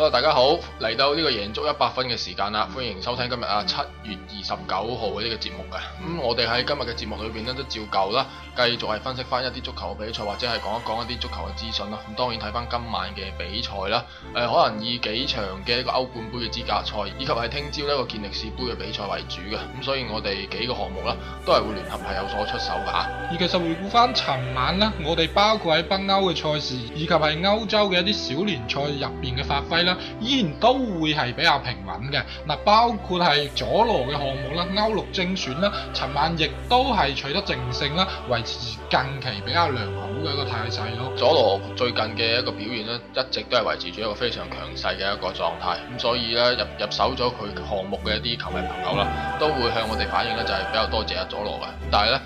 喂，大家好，嚟到呢個贏足一百分嘅時間啦，歡迎收聽今日啊七月二十九號嘅呢個節目嘅。咁、嗯、我哋喺今日嘅節目裏邊咧，都照舊啦，繼續係分析翻一啲足球比賽，或者係講一講一啲足球嘅資訊啦。咁、嗯、當然睇翻今晚嘅比賽啦，誒、呃，可能以幾場嘅一個歐冠杯嘅資格賽，以及係聽朝一個健力士杯嘅比賽為主嘅。咁、嗯、所以，我哋幾個項目啦，都係會聯合係有所出手嘅吓。而其實回顧翻尋晚咧，我哋包括喺北歐嘅賽事，以及係歐洲嘅一啲小聯賽入邊嘅發揮咧。依然都會係比較平穩嘅嗱，包括係佐羅嘅項目啦、歐陸精選啦，尋晚亦都係取得正勝啦，維持近期比較良好嘅一個態勢咯。佐羅最近嘅一個表現咧，一直都係維持住一個非常強勢嘅一個狀態，咁所以咧入入手咗佢項目嘅一啲球迷朋友啦，都會向我哋反映咧，就係比較多謝阿佐羅嘅。但係咧，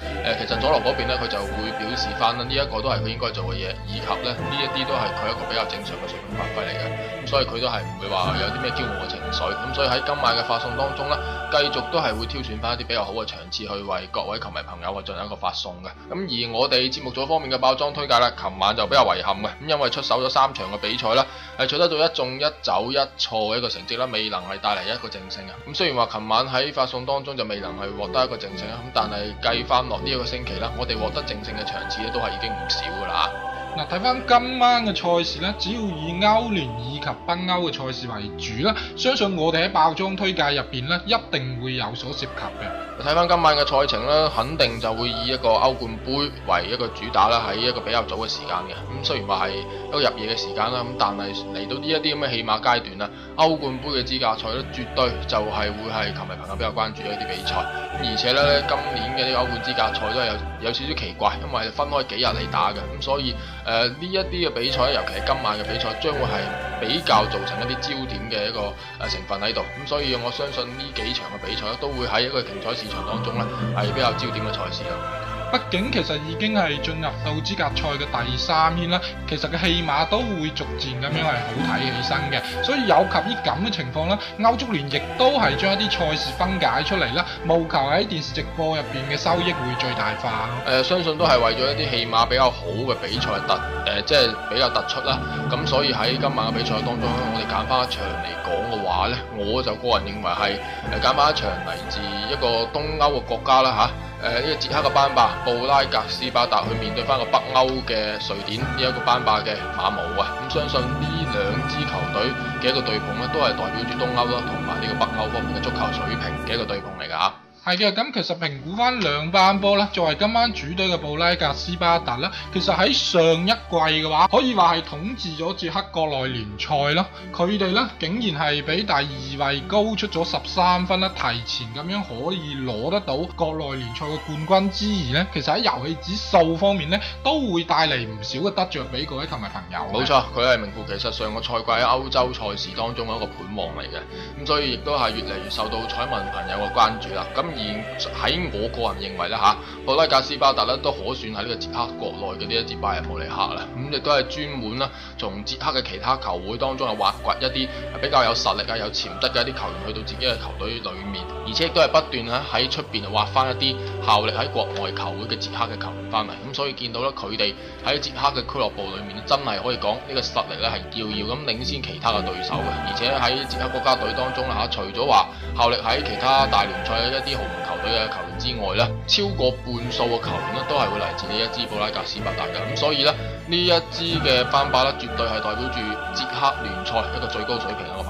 誒其實佐羅嗰邊咧，佢就會表示翻啦，呢一個都係佢應該做嘅嘢，以及咧呢一啲都係佢一個比較正常嘅水平發揮嚟嘅，咁所以。佢都係唔會話有啲咩驕傲嘅情緒，咁所以喺今晚嘅發送當中呢，繼續都係會挑選翻一啲比較好嘅場次去為各位球迷朋友去進行一個發送嘅。咁而我哋節目組方面嘅包裝推介啦，琴晚就比較遺憾嘅，咁因為出手咗三場嘅比賽啦，係取得到一中一走一錯嘅一個成績啦，未能係帶嚟一個正勝啊。咁雖然話琴晚喺發送當中就未能係獲得一個正勝啦，咁但係計翻落呢一個星期啦，我哋獲得正勝嘅場次咧都係已經唔少噶啦。嗱，睇翻今晚嘅賽事咧，主要以歐聯以及北歐嘅賽事為主啦。相信我哋喺爆莊推介入邊咧，一定會有所涉及嘅。睇翻今晚嘅賽程咧，肯定就會以一個歐冠盃為一個主打啦，喺一個比較早嘅時間嘅。咁雖然話係一個入夜嘅時間啦，咁但係嚟到呢一啲咁嘅起碼階段啊，歐冠盃嘅資格賽咧，絕對就係會係球迷朋友比較關注嘅一啲比賽。而且咧，今年嘅啲歐冠資格賽都係有有少少奇怪，因為分開幾日嚟打嘅，咁所以。誒、呃、呢一啲嘅比賽，尤其係今晚嘅比賽，將會係比較造成一啲焦點嘅一個、呃、成分喺度。咁所以我相信呢幾場嘅比賽都會喺一個競賽市場當中咧，係比較焦點嘅賽事啦。畢竟其實已經係進入到資格賽嘅第三圈啦，其實嘅戲碼都會逐漸咁樣係好睇起身嘅，所以有及於咁嘅情況啦，歐足聯亦都係將一啲賽事分解出嚟啦，務求喺電視直播入邊嘅收益會最大化。誒、呃，相信都係為咗一啲戲碼比較好嘅比賽突誒、呃，即係比較突出啦。咁所以喺今晚嘅比賽當中咧，我哋揀翻一場嚟講嘅話呢，我就個人認為係誒揀翻一場嚟自一個東歐嘅國家啦吓。誒、這、呢個捷克嘅班霸布拉格斯巴達去面對翻個北歐嘅瑞典呢一，這個班霸嘅馬魯啊，咁相信呢兩支球隊嘅一個對碰咧，都係代表住東歐啦，同埋呢個北歐方面嘅足球水平嘅一個對碰嚟㗎嚇。係嘅，咁其實評估翻兩班波咧，作為今晚主隊嘅布拉格斯巴達啦，其實喺上一季嘅話，可以話係統治咗捷克國內聯賽咯。佢哋咧竟然係比第二位高出咗十三分啦，提前咁樣可以攞得到國內聯賽嘅冠軍之餘咧。其實喺遊戲指數方面咧，都會帶嚟唔少嘅得着俾各位球迷朋友。冇錯，佢係名副其實上個賽季喺歐洲賽事當中嘅一個盤王嚟嘅，咁所以亦都係越嚟越受到彩民朋友嘅關注啦。咁而喺我個人認為咧嚇，布拉格斯巴達咧都可算係呢個捷克國內嘅呢一隻拜仁慕尼黑啦。咁亦都係專門咧從捷克嘅其他球會當中啊挖掘一啲比較有實力啊、有潛質嘅一啲球員去到自己嘅球隊裏面，而且亦都係不斷喺出邊挖翻一啲效力喺國外球會嘅捷克嘅球員翻嚟。咁所以見到咧佢哋喺捷克嘅俱樂部裏面真係可以講呢個實力咧係遙遙咁領先其他嘅對手嘅。而且喺捷克國家隊當中啦嚇，除咗話效力喺其他大聯賽嘅一啲球隊嘅球員之外咧，超過半數嘅球員咧都係會嚟自呢一支布拉格斯巴達嘅，咁所以咧，呢一支嘅班霸咧絕對係代表住捷克聯賽一個最高水平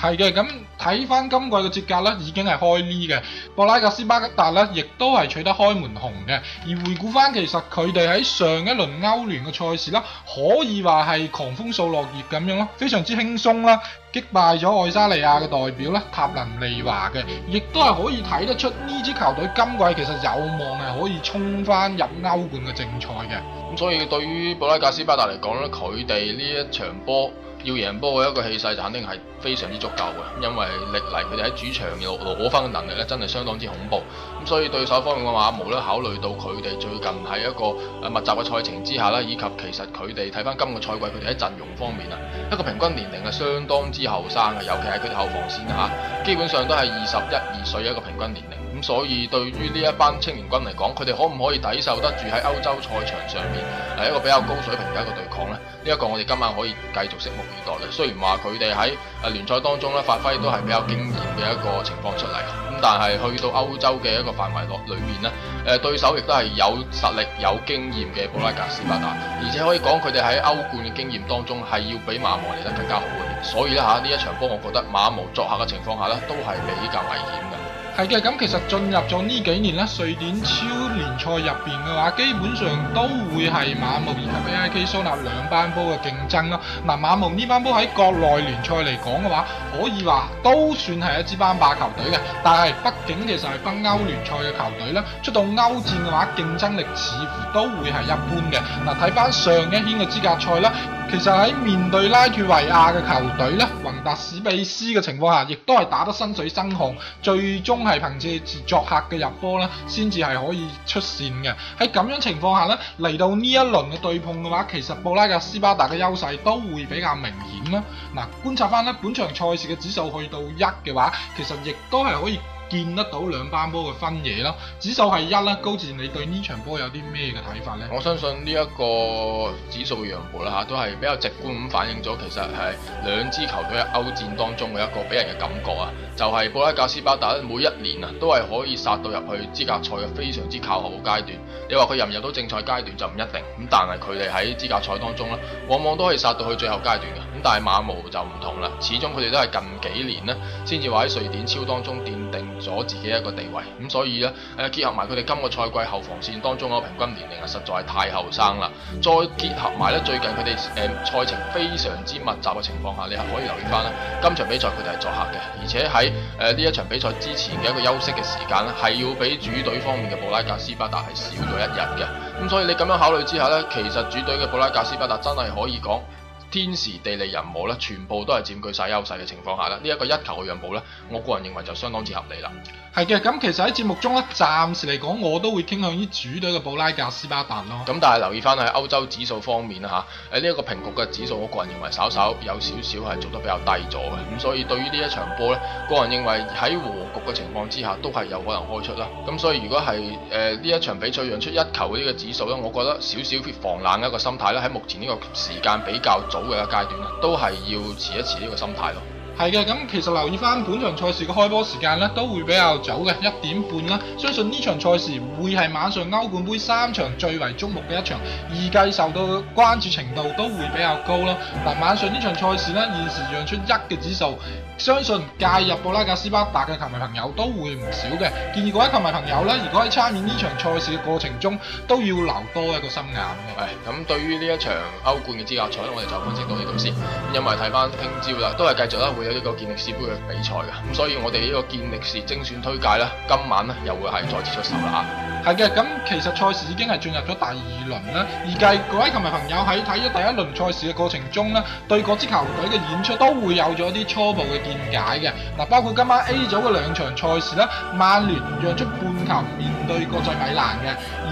係嘅，咁睇翻今季嘅節格咧，已經係開啲嘅。布拉格斯巴達咧，亦都係取得開門紅嘅。而回顧翻，其實佢哋喺上一輪歐聯嘅賽事啦，可以話係狂風掃落葉咁樣咯，非常之輕鬆啦，擊敗咗愛沙尼亞嘅代表咧塔林利華嘅，亦都係可以睇得出呢支球隊今季其實有望係可以衝翻入歐冠嘅正賽嘅。咁所以對於布拉格斯巴達嚟講咧，佢哋呢一場波，要贏波嘅一個氣勢就肯定係非常之足夠嘅，因為歷來佢哋喺主場攞攞分嘅能力咧，真係相當之恐怖。咁所以對手方面嘅話，無論考慮到佢哋最近喺一個密集嘅賽程之下啦，以及其實佢哋睇翻今個賽季佢哋喺陣容方面啊，一個平均年齡係相當之後生嘅，尤其係佢哋後防線啊，基本上都係二十一二歲一個平均年齡。所以對於呢一班青年軍嚟講，佢哋可唔可以抵受得住喺歐洲賽場上面係一個比較高水平嘅一個對抗呢？呢、這、一個我哋今晚可以繼續拭目以待嘅。雖然話佢哋喺誒聯賽當中咧發揮都係比較驚艷嘅一個情況出嚟，咁但係去到歐洲嘅一個範圍落裏面咧，誒、呃、對手亦都係有實力、有經驗嘅布拉格斯巴達，而且可以講佢哋喺歐冠嘅經驗當中係要比馬毛嚟得更加好一啲。所以呢，吓、啊、呢一場波，我覺得馬毛作客嘅情況下都係比較危險嘅。係嘅，咁其實進入咗呢幾年咧，瑞典超聯賽入面嘅話，基本上都會係馬蒙以及 A I K 蘇納兩班波嘅競爭咯。嗱、啊，馬蒙呢班波喺國內聯賽嚟講嘅話，可以話都算係一支班霸球隊嘅，但係畢竟其實係北歐聯賽嘅球隊啦，出到歐戰嘅話，競爭力似乎都會係一般嘅。嗱、啊，睇翻上一圈嘅資格賽啦。其實喺面對拉脱維亞嘅球隊咧，宏達史比斯嘅情況下，亦都係打得身水身汗，最終係憑借作客嘅入波啦，先至係可以出線嘅。喺咁樣情況下咧，嚟到呢一輪嘅對碰嘅話，其實布拉格斯巴達嘅優勢都會比較明顯啦。嗱，觀察翻咧，本場賽事嘅指數去到一嘅話，其實亦都係可以。見得到兩班波嘅分野啦，指數係一啦，高志，你對呢場波有啲咩嘅睇法呢？我相信呢一個指數讓步啦吓，都係比較直觀咁反映咗其實係兩支球隊喺歐戰當中嘅一個俾人嘅感覺啊，就係、是、布拉格斯巴達每一年啊都係可以殺到入去資格賽嘅非常之靠後嘅階段，你話佢入唔入到正賽階段就唔一定咁，但係佢哋喺資格賽當中咧，往往都可以殺到去最後階段嘅。但係馬毛就唔同啦，始終佢哋都係近幾年咧，先至話喺瑞典超當中奠定咗自己一個地位。咁所以呢，誒結合埋佢哋今個賽季後防線當中嘅平均年齡啊，實在係太後生啦。再結合埋咧最近佢哋誒賽程非常之密集嘅情況下，你係可以留意翻啦。今場比賽佢哋係作客嘅，而且喺誒呢一場比賽之前嘅一個休息嘅時間咧，係要比主隊方面嘅布拉格斯巴達係少咗一日嘅。咁所以你咁樣考慮之下呢，其實主隊嘅布拉格斯巴達真係可以講。天時地利人和咧，全部都係佔據晒優勢嘅情況下啦。呢一個一球嘅讓步咧，我個人認為就相當之合理啦。係嘅，咁其實喺節目中咧，暫時嚟講我都會傾向於主隊嘅布拉格斯巴達咯。咁但係留意翻喺歐洲指數方面啦嚇，誒呢一個平局嘅指數，我個人認為稍稍有少少係做得比較低咗嘅。咁所以對於呢一場波咧，個人認為喺和局嘅情況之下都係有可能開出啦。咁所以如果係誒呢一場比賽讓出一球嘅呢個指數咧，我覺得少少防冷嘅一個心態咧，喺目前呢個時間比較早。嘅一階段啦，都係要遲一遲呢個心態咯。係嘅，咁其實留意翻本場賽事嘅開波時間呢，都會比較早嘅一點半啦。相信呢場賽事會係晚上歐冠杯三場最為矚目嘅一場，預計受到關注程度都會比較高咯。嗱，晚上呢場賽事呢，現時讓出一嘅指數。相信介入布拉格斯巴達嘅球迷朋友都會唔少嘅，建議各位球迷朋友咧，如果喺參與呢場賽事嘅過程中，都要留多一個心眼嘅。係、哎、咁，對於呢一場歐冠嘅資格賽，我哋就分析到呢度先，咁有埋睇翻聽朝啦，都係繼續啦，會有一個健力士杯嘅比賽嘅，咁所以我哋呢個健力士精選推介咧，今晚咧又會係再次出手啦啊！係嘅，咁其實賽事已經係進入咗第二輪啦。預計各位球迷朋友喺睇咗第一輪賽事嘅過程中咧，對各支球隊嘅演出都會有咗啲初步嘅見解嘅。嗱，包括今晚 A 組嘅兩場賽事啦，曼聯讓出半球面對國際米蘭嘅。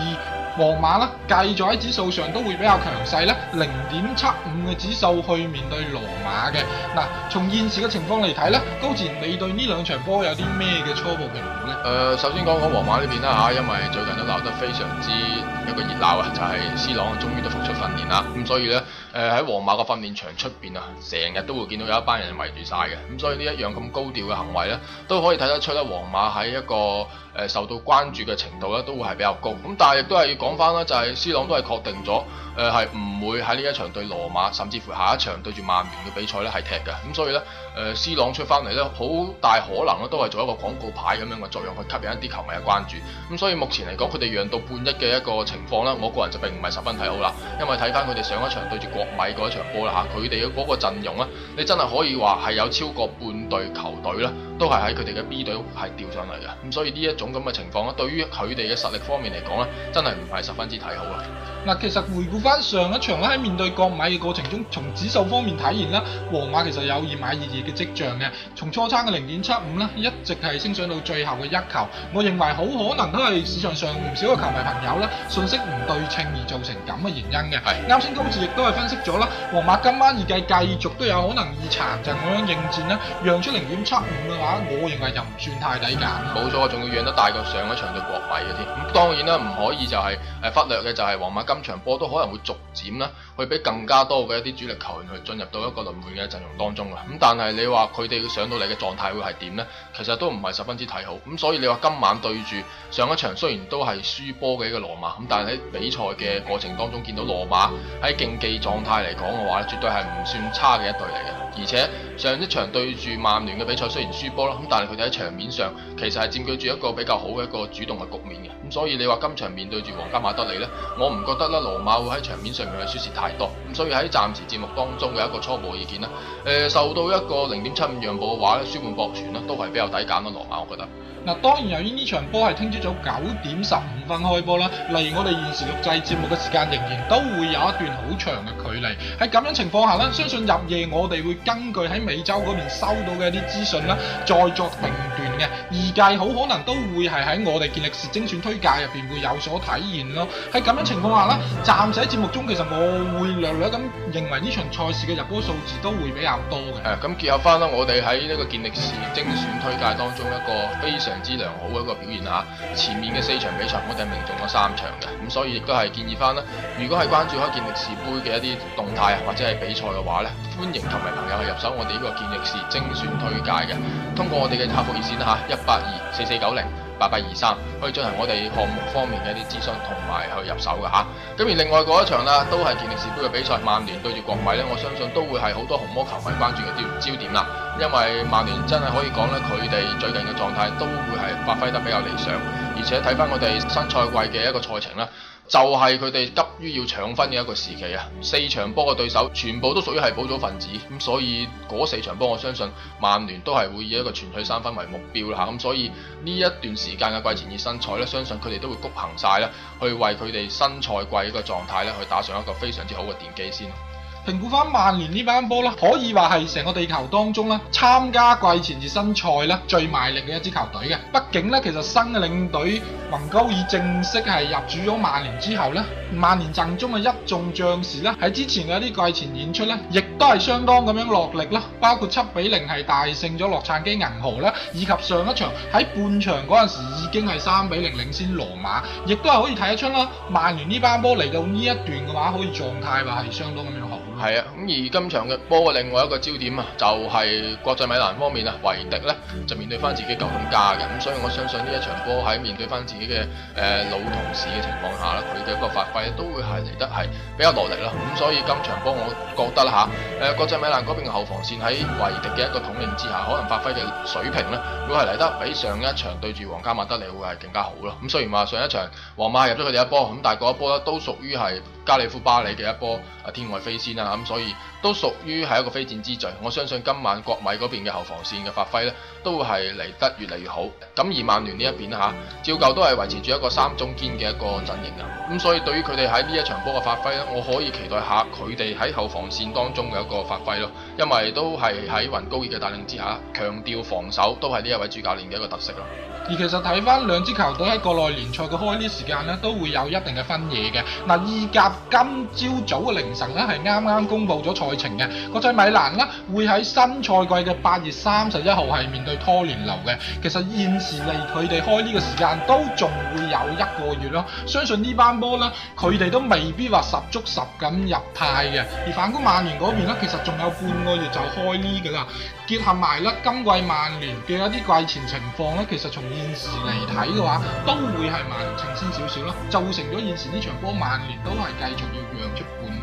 皇馬繼續喺指數上都會比較強勢咧，零點七五嘅指數去面對羅馬嘅。嗱，從現時嘅情況嚟睇咧，高志，你對呢兩場波有啲咩嘅初步評估呢？誒、呃，首先講講皇馬呢邊啦吓，因為最近都鬧得非常之一個熱鬧啊，就係、是、C 朗終於都復出訓練啦，咁所以咧。誒、呃、喺皇馬個訓練場出邊啊，成日都會見到有一班人圍住晒嘅，咁、嗯、所以呢一樣咁高調嘅行為咧，都可以睇得出咧，皇馬喺一個誒、呃、受到關注嘅程度咧，都會係比較高。咁、嗯、但係亦都係要講翻啦，就係、是、C 朗都係確定咗，誒係唔會喺呢一場對羅馬，甚至乎下一場對住曼聯嘅比賽咧係踢嘅。咁、嗯、所以咧，誒、呃、C 朗出翻嚟咧，好大可能咧都係做一個廣告牌咁樣嘅作用，去吸引一啲球迷嘅關注。咁、嗯、所以目前嚟講，佢哋讓到半一嘅一個情況咧，我個人就並唔係十分睇好啦，因為睇翻佢哋上一場對住國米嗰一場波啦吓佢哋嘅嗰個陣容啊，你真係可以話係有超過半隊球隊啦。都係喺佢哋嘅 B 隊係調上嚟嘅，咁所以呢一種咁嘅情況咧，對於佢哋嘅實力方面嚟講咧，真係唔係十分之睇好啦。嗱，其實回顧翻上一場咧，喺面對國米嘅過程中，從指數方面體現啦，皇馬其實有二買二二嘅跡象嘅。從初差嘅零點七五呢，一直係升上到最後嘅一球。我認為好可能都係市場上唔少嘅球迷朋友咧，信息唔對稱而造成咁嘅原因嘅。啱先公司亦都係分析咗啦，皇馬今晚預計繼，繼續都有可能二殘陣咁樣應戰啦，讓出零點七五嘅話。我認為就唔算太抵嘅，冇錯，仲要養得大過上一場對國米嘅添。咁當然啦，唔可以就係、是、誒忽略嘅就係皇馬今場波都可能會逐漸啦，去俾更加多嘅一啲主力球員去進入到一個輪換嘅陣容當中啦。咁但係你話佢哋要上到嚟嘅狀態會係點咧？其實都唔係十分之睇好，咁所以你話今晚對住上一場雖然都係輸波嘅一個羅馬，咁但係喺比賽嘅過程當中見到羅馬喺競技狀態嚟講嘅話咧，絕對係唔算差嘅一隊嚟嘅。而且上一場對住曼聯嘅比賽雖然輸波啦，咁但係佢哋喺場面上其實係佔據住一個比較好嘅一個主動嘅局面嘅。咁所以你話今場面對住皇家馬德里呢，我唔覺得啦羅馬會喺場面上面係輸蝕太多。咁所以喺暫時節目當中嘅一個初步意見啦，誒、呃、受到一個零點七五讓步嘅話咧，輸半博全咧都係比較。有抵揀咯，羅馬，我覺得。嗱，當然由於呢場波係聽朝早九點十五分開波啦，例如我哋現時錄製節目嘅時間，仍然都會有一段好長嘅距離。喺咁樣情況下咧，相信入夜我哋會根據喺美洲嗰邊收到嘅一啲資訊啦，再作定奪。二季好可能都會係喺我哋健力士精選推介入邊會有所體現咯。喺咁樣的情況下咧，暫時喺節目中，其實我會略略咁認為呢場賽事嘅入波數字都會比較多嘅。誒，咁結合翻啦，我哋喺呢個健力士精選推介當中一個非常之良好嘅一個表現吓。前面嘅四場比賽，我哋係命中咗三場嘅，咁所以亦都係建議翻啦。如果係關注開健力士杯嘅一啲動態或者係比賽嘅話咧，歡迎同埋朋友去入手我哋呢個健力士精選推介嘅。通過我哋嘅客服熱線一八二四四九零八八二三，可以進行我哋項目方面嘅一啲諮詢同埋去入手嘅吓。咁而另外嗰一場啦，都係健力士杯嘅比賽，曼聯對住國米咧，我相信都會係好多紅魔球迷關注嘅焦焦點啦。因為曼聯真係可以講咧，佢哋最近嘅狀態都會係發揮得比較理想。而且睇翻我哋新賽季嘅一個賽程啦，就係佢哋急於要搶分嘅一個時期啊！四場波嘅對手全部都屬於係保組份子，咁所以嗰四場波我相信曼聯都係會以一個全取三分為目標啦嚇，咁所以呢一段時間嘅季前熱身賽咧，相信佢哋都會谷行曬啦，去為佢哋新賽季嘅狀態咧去打上一個非常之好嘅電機先。評估翻曼聯呢班波啦，可以話係成個地球當中啦，參加季前熱身賽啦最賣力嘅一支球隊嘅。畢竟咧，其實新嘅領隊雲高爾正式係入主咗曼聯之後咧，曼聯陣中嘅一眾將士咧喺之前嘅一啲季前演出咧，亦都係相當咁樣落力啦。包括七比零係大勝咗洛杉磯銀河啦，以及上一場喺半場嗰陣時已經係三比零領先羅馬，亦都係可以睇得出啦。曼聯呢班波嚟到呢一段嘅話，可以狀態話係相當咁樣好。係啊，咁而今場嘅波嘅另外一個焦點啊，就係國際米蘭方面啊，維迪咧就面對翻自己舊東家嘅，咁所以我相信呢一場波喺面對翻自己嘅誒、呃、老同事嘅情況下咧，佢嘅一個發揮都會係嚟得係比較落力咯，咁所以今場波我覺得啦嚇，誒、啊、國際米蘭嗰邊嘅後防線喺維迪嘅一個統領之下，可能發揮嘅水平咧，會係嚟得比上一場對住皇家馬德里會係更加好咯，咁雖然話上一場皇馬入咗佢哋一波，咁但係嗰一波咧都屬於係。加利福巴里嘅一波啊，天外飛仙啊，咁、嗯、所以。都屬於係一個非戰之罪，我相信今晚國米嗰邊嘅後防線嘅發揮咧，都會係嚟得越嚟越好。咁而曼聯呢一邊咧嚇，照舊都係維持住一個三中堅嘅一個陣型啊。咁、嗯、所以對於佢哋喺呢一場波嘅發揮咧，我可以期待下佢哋喺後防線當中嘅一個發揮咯。因為都係喺雲高爾嘅帶領之下，強調防守都係呢一位主教練嘅一個特色咯。而其實睇翻兩支球隊喺國內聯賽嘅開時間呢時間咧，都會有一定嘅分野嘅。嗱，意甲今朝早嘅凌晨呢係啱啱公布咗賽。愛情嘅，國際米蘭啦，會喺新賽季嘅八月三十一號係面對拖連奴嘅。其實現時嚟，佢哋開呢個時間都仲會有一個月咯。相信呢班波呢，佢哋都未必話十足十咁入態嘅。而反觀曼聯嗰邊呢，其實仲有半個月就開呢噶啦。結合埋啦今季曼聯嘅一啲季前情況呢，其實從現時嚟睇嘅話，都會係曼聯領先少少啦，造成咗現時呢場波曼聯都係繼續要讓出半。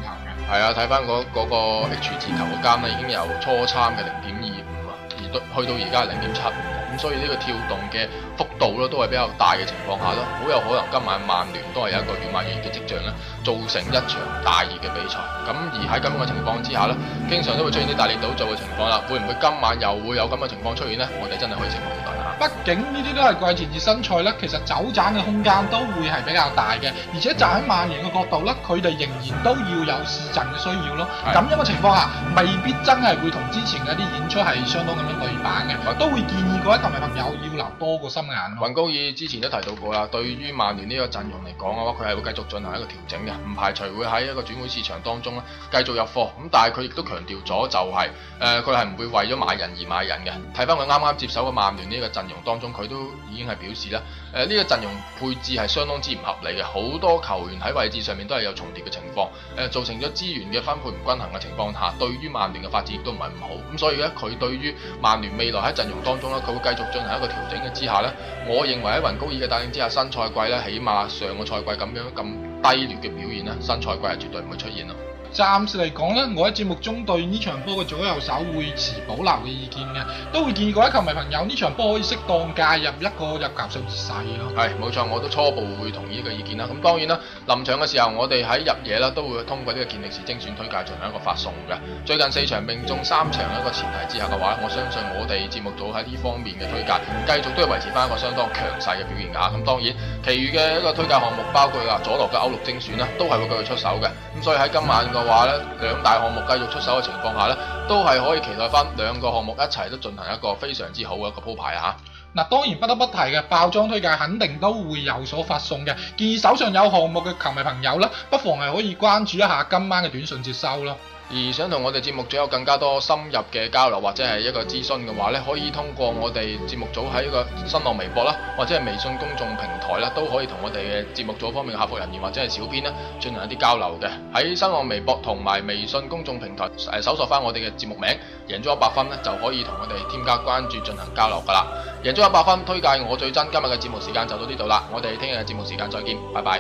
係啊，睇翻嗰嗰個 H 字頭嘅間咧，已經由初三嘅零點二五啊，而到去到而家係零點七。所以呢個跳動嘅幅度咯，都係比較大嘅情況下咯，好有可能今晚曼聯都係有一個軟曼型嘅跡象咧，造成一場大熱嘅比賽。咁而喺咁樣嘅情況之下咧，經常都會出現啲大熱倒灶嘅情況啦。會唔會今晚又會有咁嘅情況出現呢？我哋真係可以拭目以待啦。畢竟呢啲都係季前熱身賽啦，其實走盞嘅空間都會係比較大嘅，而且站喺曼聯嘅角度咧，佢哋仍然都要有試陣嘅需要咯。咁樣嘅情況下，未必真係會同之前嘅啲演出係相當咁樣對版嘅，都會建議個朋要留多個心眼，啊。雲高爾之前都提到過啦，對於曼聯呢個陣容嚟講嘅話，佢係會繼續進行一個調整嘅，唔排除會喺一個轉會市場當中咧繼續入貨。咁但係佢亦都強調咗就係，是，誒佢係唔會為咗買人而買人嘅。睇翻佢啱啱接手嘅曼聯呢個陣容當中，佢都已經係表示咧，誒、呃、呢、這個陣容配置係相當之唔合理嘅，好多球員喺位置上面都係有重疊嘅情況，誒、呃、造成咗資源嘅分配唔均衡嘅情況下，對於曼聯嘅發展亦都唔係咁好。咁所以咧，佢對於曼聯未來喺陣容當中咧，佢會。繼續進行一個調整嘅之下咧，我認為喺雲高爾嘅帶領之下，新賽季咧，起碼上個賽季咁樣咁低劣嘅表現咧，新賽季係絕對唔會出現咯。暫時嚟講咧，我喺節目中對呢場波嘅左右手會持保留嘅意見嘅，都會建議各位球迷朋友呢場波可以適當介入一個入球細勢咯。係冇錯，我都初步會同意呢個意見啦。咁當然啦，臨場嘅時候我哋喺入夜啦，都會通過呢個健力士精選推介進行一個發送嘅。最近四場命中三場一個前提之下嘅話，我相信我哋節目組喺呢方面嘅推介，繼續都係維持翻一個相當強勢嘅表現㗎。咁當然，其餘嘅一個推介項目包括啊左落嘅歐陸精選啦，都係會繼續出手嘅。所以喺今晚嘅話咧，兩大項目繼續出手嘅情況下咧，都係可以期待返兩個項目一齊都進行一個非常之好嘅一個鋪排吓。嗱，當然不得不提嘅爆裝推介肯定都會有所發送嘅，建議手上有項目嘅球迷朋友咧，不妨係可以關注一下今晚嘅短訊接收啦。而想同我哋節目組有更加多深入嘅交流或者係一個諮詢嘅話呢，可以通過我哋節目組喺個新浪微博啦，或者係微信公眾平台啦，都可以同我哋嘅節目組方面嘅客服人員或者係小編啦進行一啲交流嘅。喺新浪微博同埋微信公眾平台，呃、搜索翻我哋嘅節目名，贏足 100FUN 呢，就可以同我哋添加關注進行交流噶啦。贏足 100FUN，推介我最真，今日嘅節目時間就到呢度啦。我哋聽日嘅節目時間再見，拜拜。